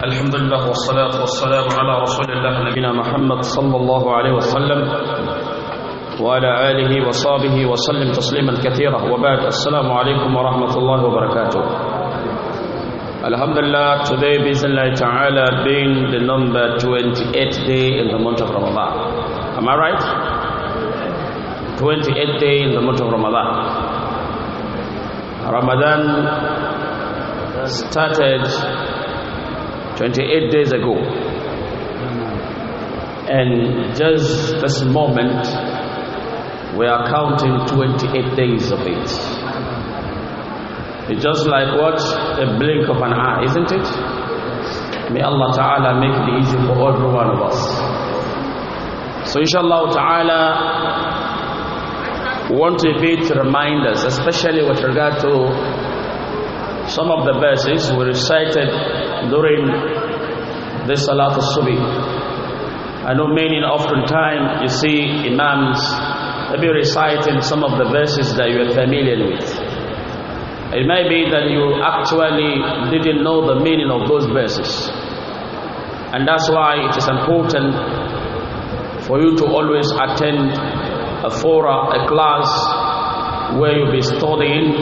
الحمد لله والصلاة والسلام على رسول الله نبينا محمد صلى الله عليه وسلم وعلى آله وصحبه وسلم تسليما كثيرا وبعد السلام عليكم ورحمة الله وبركاته الحمد لله today, بإذن الله تعالى being the number 28th day in the month of Ramadan. Am I right? 28th day in the month of Ramadan. Ramadan started 28 days ago. And just this moment, we are counting 28 days of it. It's just like what? A blink of an eye, isn't it? May Allah Ta'ala make it easy for every one of us. So inshallah Ta'ala, want to a bit remind us, especially with regard to some of the verses were recited during this Salat al-Subi. I know many oftentimes you see Imams maybe reciting some of the verses that you are familiar with. It may be that you actually didn't know the meaning of those verses. And that's why it is important for you to always attend a fora, a class where you'll be studying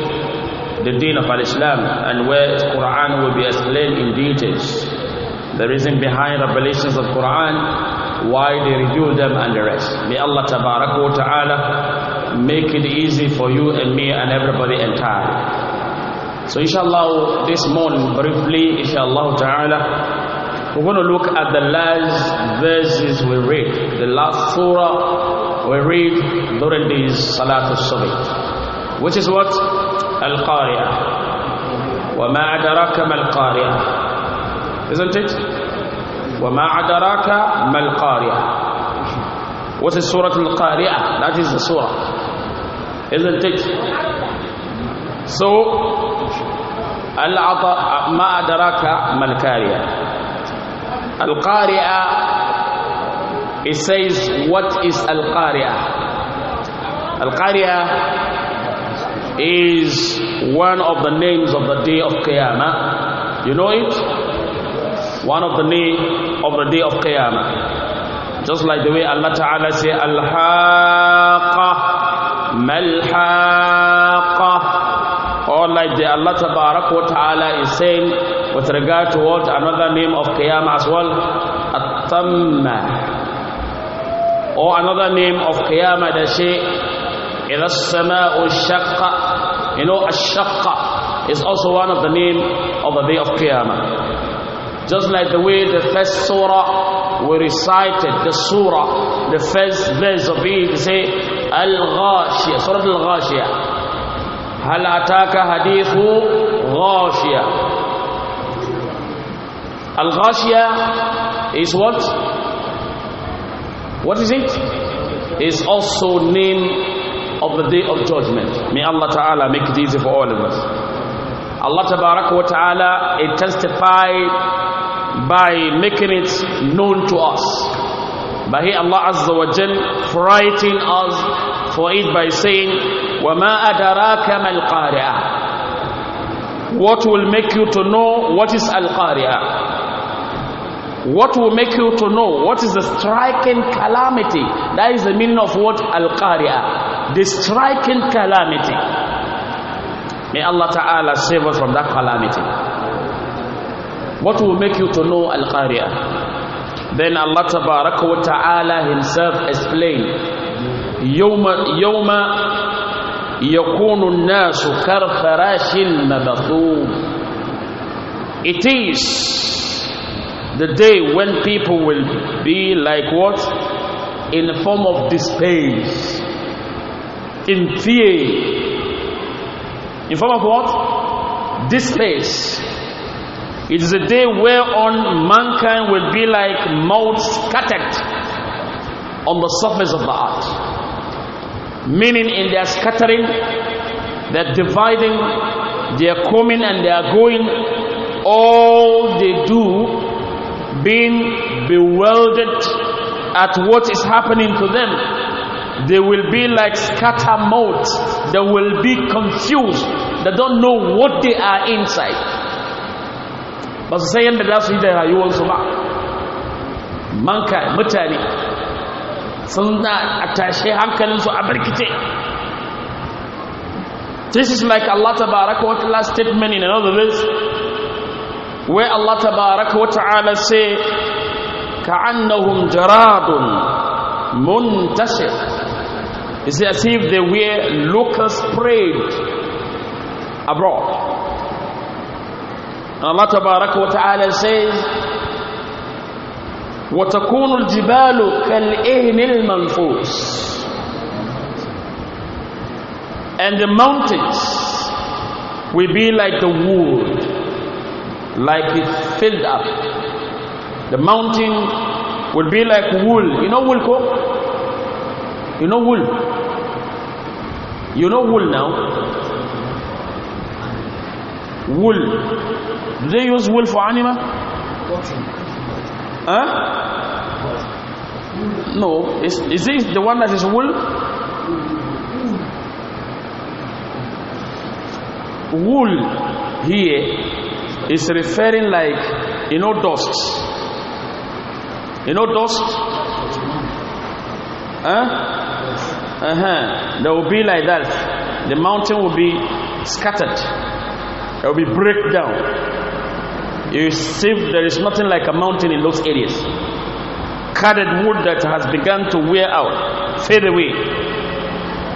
the deen of al-Islam and where Quran will be explained in details. The reason behind revelations of Quran, why they reveal them and the rest. May Allah wa ta'ala make it easy for you and me and everybody entire. So inshallah this morning briefly, inshallah ta'ala, we're going to look at the last verses we read, the last surah we read during this Salatul Subh, which is what القارئة وما أدراك ما القارئة isn't it وما أدراك ما القارئة what is سورة القارئة that is the سورة isn't it so العطاء ما أدراك ما القارئة القارئة it says what is القارئة القارئة is one of the names of the day of Qiyamah. You know it? One of the name of the day of Qiyamah. Just like the way Allah Ta'ala say, Al-Haqqa, Mal-Haqqa. Or like the Allah Ta'ala is saying with regard to what another name of Qiyamah as well, At-Tamma. Or another name of Qiyamah, the Shaykh, إذا السماء شقت you know, Ashaqqa is also one of the name of the day of Qiyamah. Just like the way the first surah we recited, the surah, the first verse of it, say, Al-Ghashiyah, Surah Al-Ghashiyah. هل Ataka Hadithu غاشية Al-Ghashiyah is what? What is it? Is also named of the day of judgment. May Allah Ta'ala make it easy for all of us. Allah Ta'ala testified by making it known to us. By here Allah Azza wa Jal writing us for it by saying, وَمَا أَدَرَاكَ مَا الْقَارِعَةِ What will make you to know what is what will make you to know what is the striking calamity that is the meaning of what al the striking calamity. May Allah Ta'ala save us from that calamity. What will make you to know Al Qari'ah? Then Allah Ta'ala Himself explained يوم, يوم يكون الناس كالفراش It is the day when people will be like what? In the form of despair in fear. In form of what? place It is a day whereon mankind will be like mold scattered on the surface of the earth. Meaning, in their scattering, they're dividing, they are coming and they are going, all they do being bewildered at what is happening to them they will be like scattermotes. They will be confused. They don't know what they are inside. Ba su san yadda za su yi da rayuwarsu ba. Manka mutane sun a tashe so a birkice. This is like Allah Tabaraka wa Ta'ala's statement in another verse where Allah Tabaraka wa Ta'ala say كَأَنَّهُمْ جَرَادٌ مُنْتَشِرٌ it's as if they were locusts prayed abroad. Allah Ta'ala says, وتكون الجبال كالإهن المنفوس and the mountains will be like the wood like it filled up the mountain will be like wool you know wool you know wool you know wool now? Wool. Do they use wool for animal? Huh? No. Is, is this the one that is wool? Wool here is referring like, you know, dust. You know dust? Huh? uh-huh, they will be like that. The mountain will be scattered. It will be breakdown. You see, there is nothing like a mountain in those areas. Cutted wood that has begun to wear out, fade away,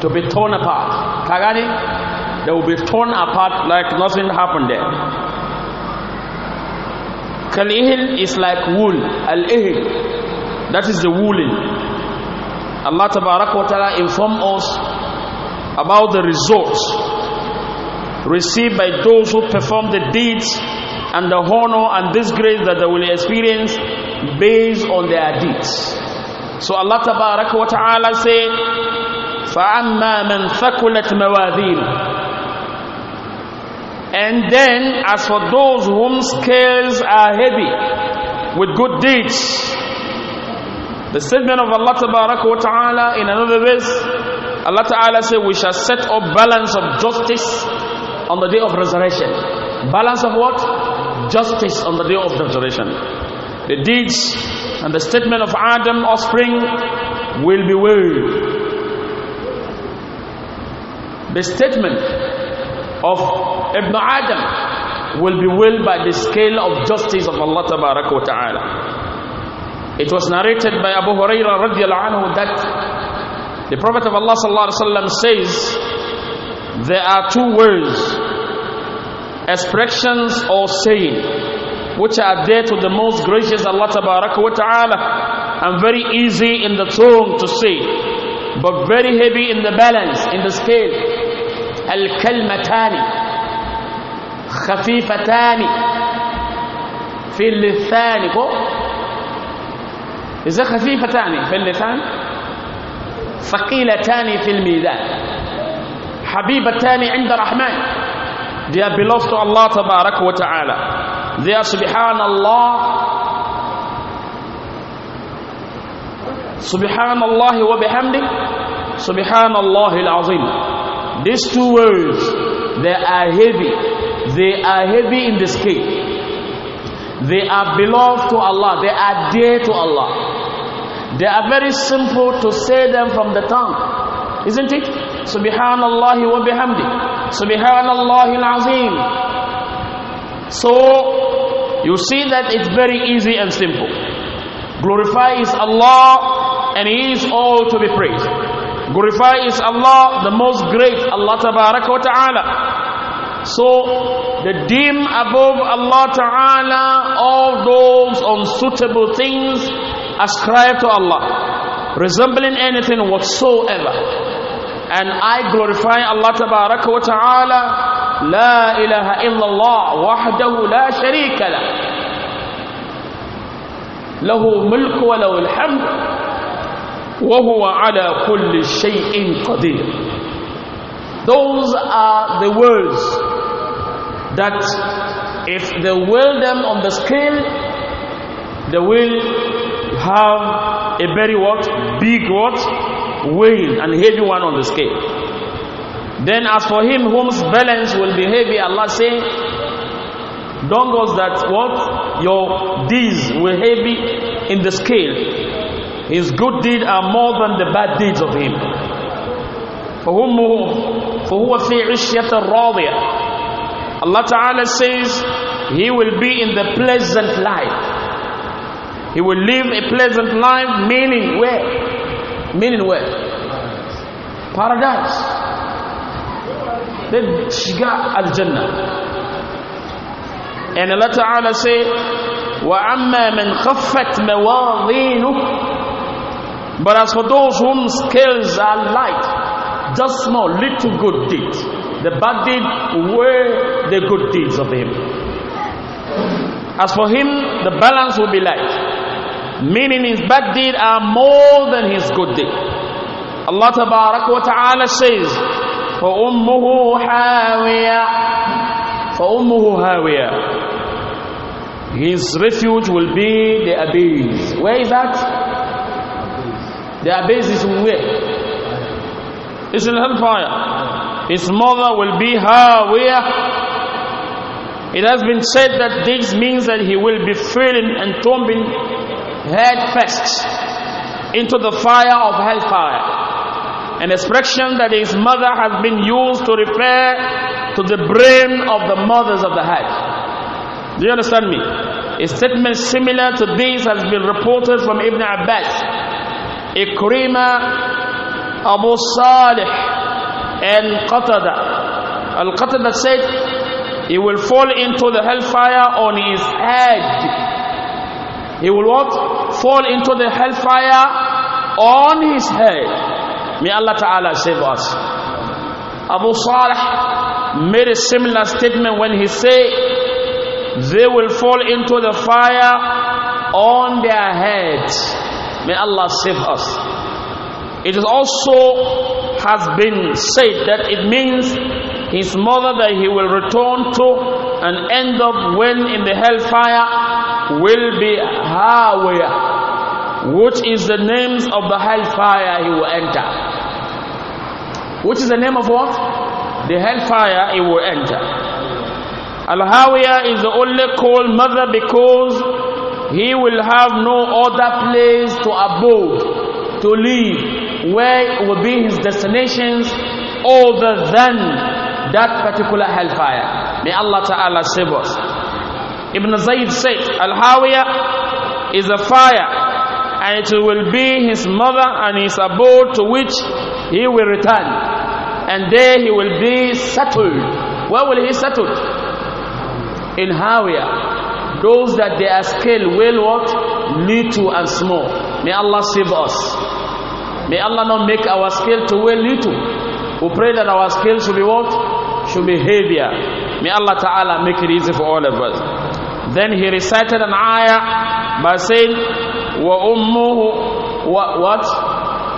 to be torn apart. Kagani, they will be torn apart like nothing happened there. Kalihil is like wool. Al ihil. That is the woolen. Allah Ta'ala inform us about the results received by those who perform the deeds and the honor and disgrace that they will experience based on their deeds. So Allah Tabarak wa Ta'ala said, فَأَمَّا مَنْ ثَقُلَتْ مَوَاذِينَ And then as for those whom scales are heavy with good deeds, the statement of Allah Ta'ala in another verse, Allah Ta'ala said, We shall set up balance of justice on the day of resurrection. Balance of what? Justice on the day of resurrection. The deeds and the statement of Adam offspring will be weighed. The statement of Ibn Adam will be weighed by the scale of justice of Allah Ta'ala. It was narrated by Abu Hurairah anhu that the Prophet of Allah sallallahu says there are two words, expressions or saying, which are there to the most gracious Allah ta'ala and very easy in the tongue to say, but very heavy in the balance, in the scale. al-kalma الكلمتان fil في اللسان إذا خفيفتان في اللسان ثقيلتان في الميزان حبيبتان عند الرحمن They are beloved to Allah Tabarak وتعالى They are Subhanallah. Subhanallah الله وبحمده Subhanallah الله العظيم These two words, they are heavy. They are heavy in the scale. They are beloved to Allah. They are dear to Allah. They are very simple to say them from the tongue, isn't it? Subhanallah wa bihamdi. Subhanallah al-azim. So, you see that it's very easy and simple. Glorify is Allah and He is all to be praised. Glorify is Allah, the most great, Allah Tabaraka wa Ta'ala. So, the dim above Allah Ta'ala all those unsuitable things ascribe to Allah, resembling anything whatsoever. And I glorify Allah Tabaraka wa Ta'ala, La ilaha illallah, wahdahu la sharika lah. له ملك وله الحمد وهو على كل شيء قدير those are the words that if they will them on the scale they will have a very what? Big what? Weight and heavy one on the scale. Then as for him whose balance will be heavy, Allah say, don't go that what? Your deeds were heavy in the scale. His good deeds are more than the bad deeds of him. For whom فِي عِشْيَةٍ Allah Ta'ala says, He will be in the pleasant life. He will live a pleasant life, meaning where? Meaning where? Paradise. Then shiga al Jannah. And Allah Ta'ala say, وَأَمَّا مَنْ خَفَّتْ مَوَاضِينُهُ But as for those whom scales are light, just small, little good deeds. The bad deeds were the good deeds of him. As for him, the balance will be light meaning his bad deed are more than his good deed Allah wa ta'ala says فأمه هاوية فأمه هاوية His refuge will be the abyss. Where is that? The abyss is where? It's in hellfire. His mother will be Hawiya. It has been said that this means that he will be falling and tumbling Head first into the fire of hellfire. An expression that his mother has been used to refer to the brain of the mothers of the head. Do you understand me? A statement similar to this has been reported from Ibn Abbas, Ikrima, Abu Salih, and Qatada. Al Qatada said, He will fall into the hellfire on his head he will what? Fall into the hellfire on his head. May Allah Ta'ala save us. Abu Salih made a similar statement when he said, They will fall into the fire on their heads. May Allah save us. It is also has been said that it means his mother that he will return to and end up when in the hellfire will be Hawiyah, which is the names of the hellfire he will enter. Which is the name of what? The hellfire he will enter. Al Hawiyah is the only called mother because he will have no other place to abode, to live, where will be his destinations other than that particular hellfire. May Allah Ta'ala save us. Ibn Zayd said, al Hawa is a fire and it will be his mother and his abode to which he will return. And there he will be settled. Where will he settle? In Hawa. Those that they are scale will what? Little and small. May Allah save us. May Allah not make our scale to weigh little. We pray that our scale should be what? Should be heavier. May Allah Ta'ala make it easy for all of us. Then he recited an ayah by saying, Wa ummuhu, wa, what?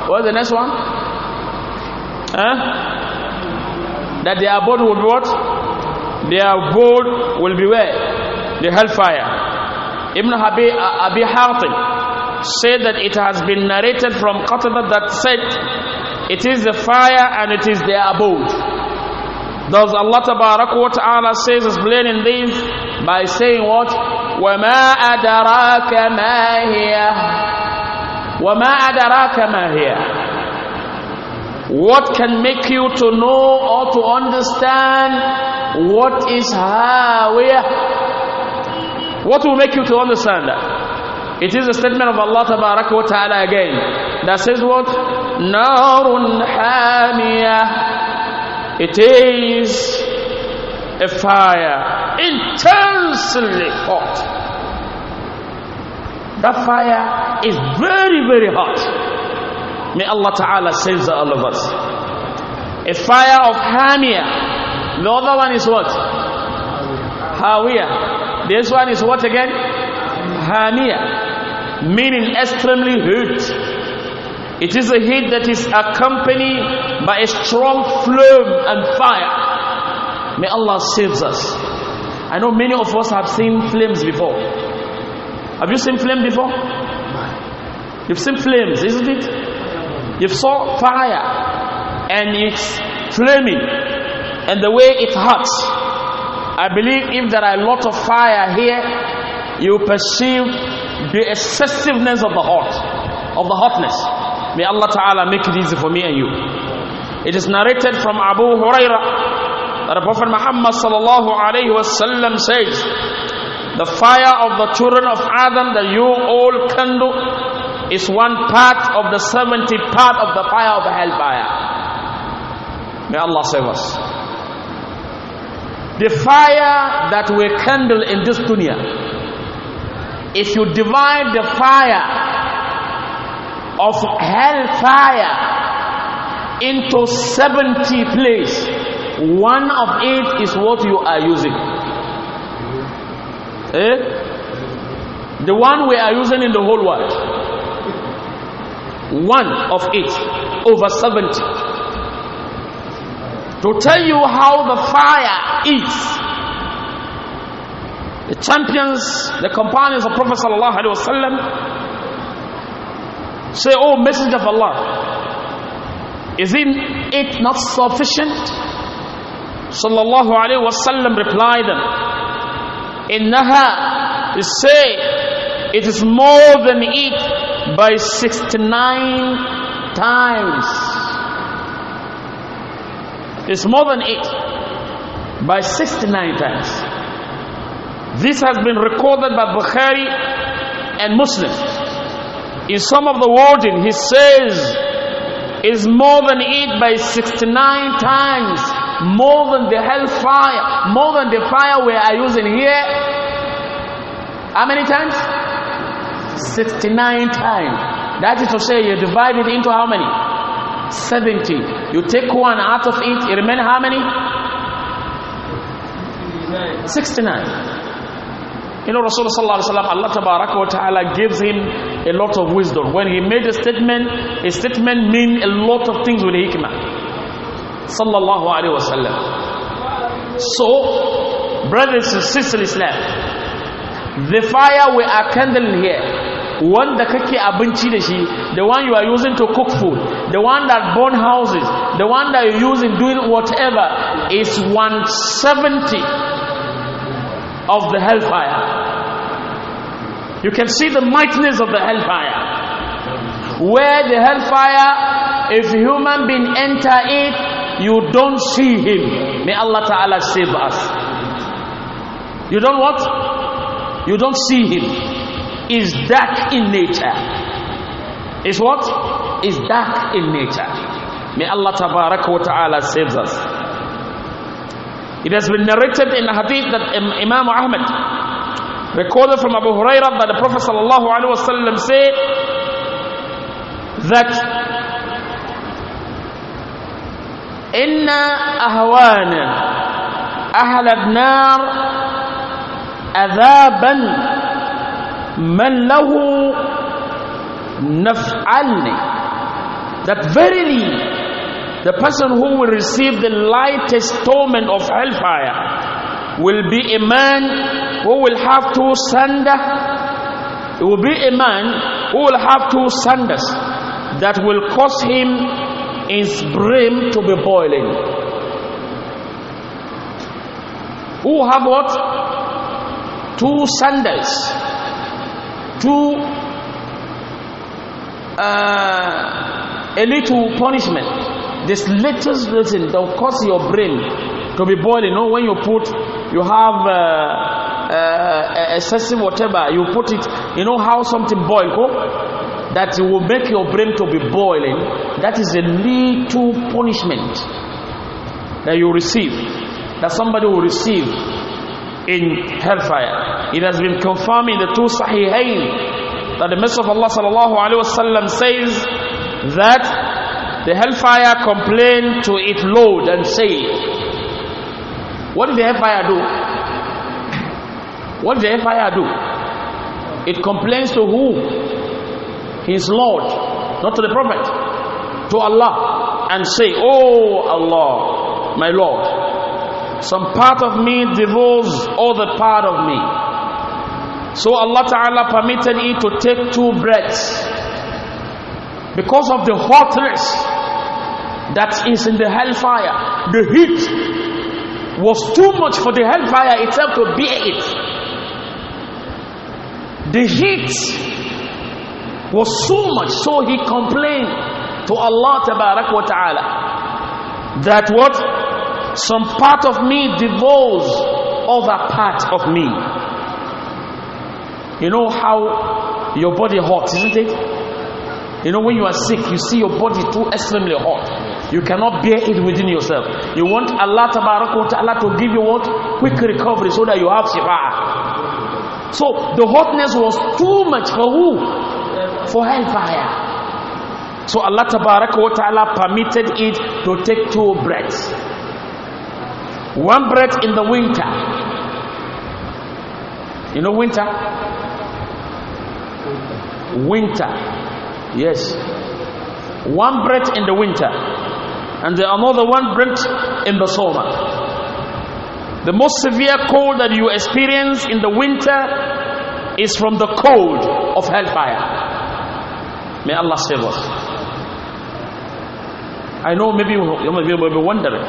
What's the next one? Huh? That their abode would what? Their abode will be where? The hellfire. Ibn Abi, Abi Hatim said that it has been narrated from Qatada that said, It is the fire and it is their abode. Does Allah Ta'ala says, explaining these? by saying what? وَمَا أَدَرَاكَ مَا هِيَ وَمَا أَدَرَاكَ مَا هِيَ What can make you to know or to understand what is Hawiyah? What will make you to understand that? It is a statement of Allah Ta'ala again that says what? نَارٌ حَامِيَةٌ It is a fire intensely hot. That fire is very, very hot. May Allah Ta'ala save all of us. A fire of Hamia. The other one is what? Hawiya. This one is what again? Hamia. Meaning extremely hot. It is a heat that is accompanied by a strong flame and fire. May Allah save us. I know many of us have seen flames before. Have you seen flame before? You've seen flames, isn't it? You've saw fire and it's flaming and the way it hurts. I believe if there are a lot of fire here, you perceive the excessiveness of the hot, of the hotness. May Allah Ta'ala make it easy for me and you. It is narrated from Abu Hurairah that the Prophet Muhammad sallallahu alaihi wasallam says, the fire of the children of Adam that you all kindle is one part of the 70 part of the fire of the hellfire. May Allah save us. The fire that we kindle in this dunya, if you divide the fire of hellfire into 70 places, one of it is what you are using. Eh? The one we are using in the whole world. One of it over 70. To tell you how the fire is. The champions, the companions of Prophet sallallahu alaihi wasallam say, "Oh, Messenger of Allah, is it not sufficient?" sallallahu alaihi wasallam replied them innaha is say it is more than eat by 69 times it's more than eight by 69 times this has been recorded by Bukhari and Muslim in some of the wording he says is more than eight by 69 times more than the hellfire, more than the fire we are using here. How many times? 69 times. That is to say, you divide it into how many? 70. You take one out of it, it remains how many? 69. You know, Rasulullah sallallahu alaihi wasallam, Allah ta'ala gives him a lot of wisdom. When he made a statement, a statement means a lot of things with hikmah sallallahu alaihi wasallam so brothers and sisters islam the fire we are kindling here wanda kake abinci da shi the one you are using to cook food the one that burn houses the one that you use in doing whatever is 170 of the hellfire you can see the mightiness of the hellfire where the hellfire if human being enter it you don't see him. May Allah Ta'ala save us. You don't what? You don't see him. Is dark in nature. Is what? Is dark in nature. May Allah Ta'ala save us. It has been narrated in the hadith that Imam Ahmad recorded from Abu Hurairah that the Prophet sallallahu alaihi wasallam said that إن أهوانا أهل النار عذابا من له نفعلني that verily the person who will receive the lightest torment of hellfire will be a man who will have two sanders it will be a man who will have two sanders that will cause him is brim to be boiling. Who have what? Two sandals? two uh, a little punishment. This littlest reason that cause your brain to be boiling. You know when you put, you have. Uh, uh, excessive whatever you put it you know how something boil go that will make your brain to be boiling, that is a little punishment that you receive, that somebody will receive in hellfire. It has been confirmed in the two Sahihain that the Messenger of Allah sallallahu alaihi wasallam says that the hellfire complained to its Lord and said, "What did the hellfire do? What did the hellfire do? It complains to who? His Lord, not to the Prophet, to Allah, and say, Oh Allah, my Lord, some part of me devours other part of me. So Allah Ta'ala permitted it to take two breaths because of the hotness that is in the hellfire. The heat was too much for the hellfire itself to bear it. The heat was so much so he complained to Allah ta'ala that what some part of me devours other part of me you know how your body hot isn't it you know when you are sick you see your body too extremely hot you cannot bear it within yourself you want Allah ta'ala to give you what quick recovery so that you have shifa so the hotness was too much for who for hellfire. So Allah wa ta'ala permitted it to take two breaths. One breath in the winter. You know winter? Winter. Yes. One breath in the winter. And the another one breath in the summer. The most severe cold that you experience in the winter is from the cold of hellfire. May Allah save us. I know maybe you may be wondering.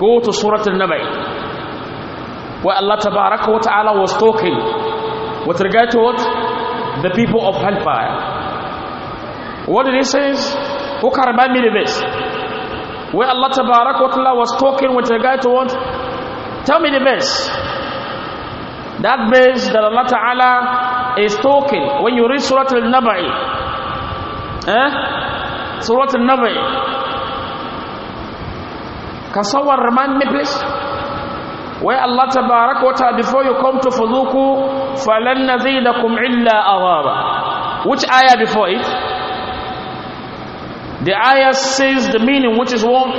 Go to Surah al Nabiy, where Allah Tabaraka wa Ta'ala was talking with regard to what? The people of hellfire. What did he say? Who can remind me of this? Where Allah Tabaraka wa Ta'ala was talking with regard to what? Tell me the verse. That verse that Allah Ta'ala is talking when you read Surah al Nabiy. Eh? what's An-Nabi. Can someone remind me please? Where Allah Tabarak wa ta before you come to fuzuku فَلَنْ نَزِيدَكُمْ illa awara. Which ayah before it? The ayah says the meaning which is one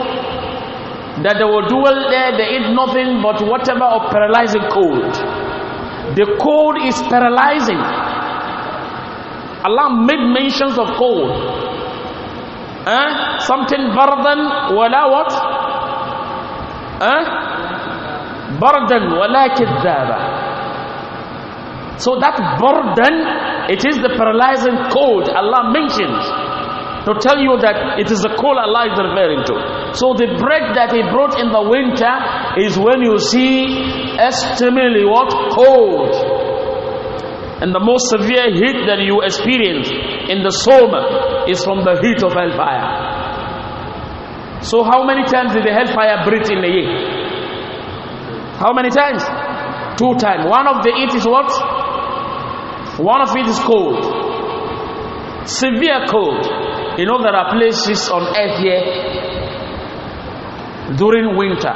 that they will dwell there, they eat nothing but whatever of paralyzing cold. The cold is paralyzing. Allah made mentions of cold. Eh? Something burden, wala what? Eh? Burden, wala kidaba. So that burden, it is the paralyzing cold Allah mentions to tell you that it is the cold Allah is referring to. So the bread that he brought in the winter is when you see extremely what? Cold. And the most severe heat that you experience in the soma is from the heat of hellfire. So, how many times did the hellfire breathe in a year? How many times? Two times. One of the is what? One of it is cold. Severe cold. You know, there are places on earth here during winter.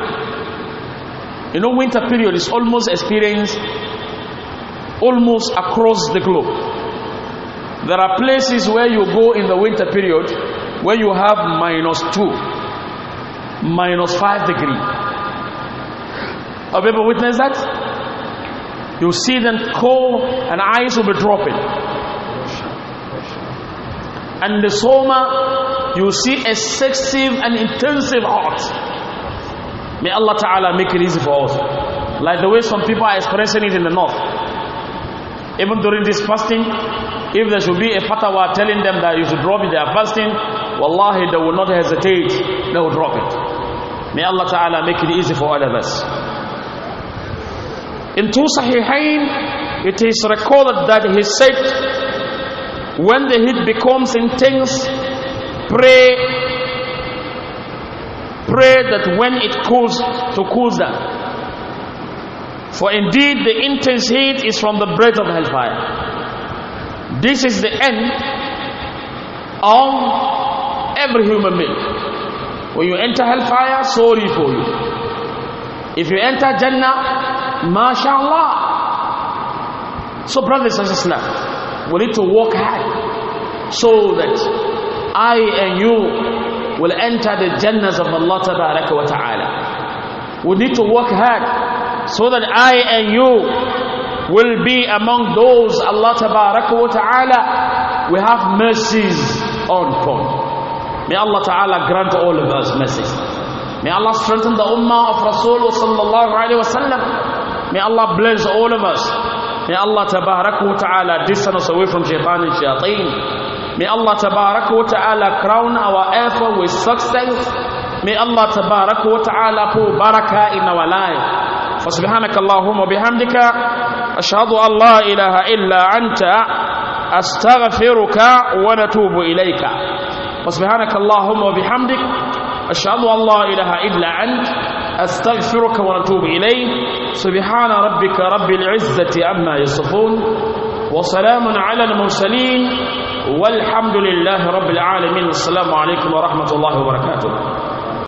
You know, winter period is almost experienced almost across the globe. There are places where you go in the winter period where you have minus two, minus five degree. Have you ever witnessed that? You see them cold and ice will be dropping. And the summer, you see excessive and intensive art. May Allah Ta'ala make it easy for us. Like the way some people are expressing it in the north. Even during this fasting, if there should be a fatwa telling them that you should drop it, they are fasting, wallahi, they will not hesitate, they will drop it. May Allah Ta'ala make it easy for all of us. In two Sahihain, it is recorded that he said, when the heat becomes intense, pray, pray that when it cools, to cool down. For indeed, the intense heat is from the breath of hellfire. This is the end of every human being. When you enter hellfire, sorry for you. If you enter Jannah, mashallah. So, brothers and sisters, we need to work hard so that I and you will enter the Jannahs of Allah Ta'ala. We need to work hard so that I and you will be among those Allah Ta'ala we have mercies on for. May Allah Ta'ala grant all of us mercies. May Allah strengthen the ummah of Rasulullah Sallallahu Alaihi Wasallam. May Allah bless all of us. May Allah Ta'ala distance us away from shaitan and shayateen. May Allah Ta'ala crown our effort with success. May Allah Ta'ala pour barakah in our life. فسبحانك اللهم وبحمدك أشهد أن لا إله إلا أنت أستغفرك ونتوب إليك فسبحانك اللهم وبحمدك أشهد أن لا إله إلا أنت أستغفرك ونتوب إليه سبحان ربك رب العزة عما يصفون وسلام على المرسلين والحمد لله رب العالمين السلام عليكم ورحمة الله وبركاته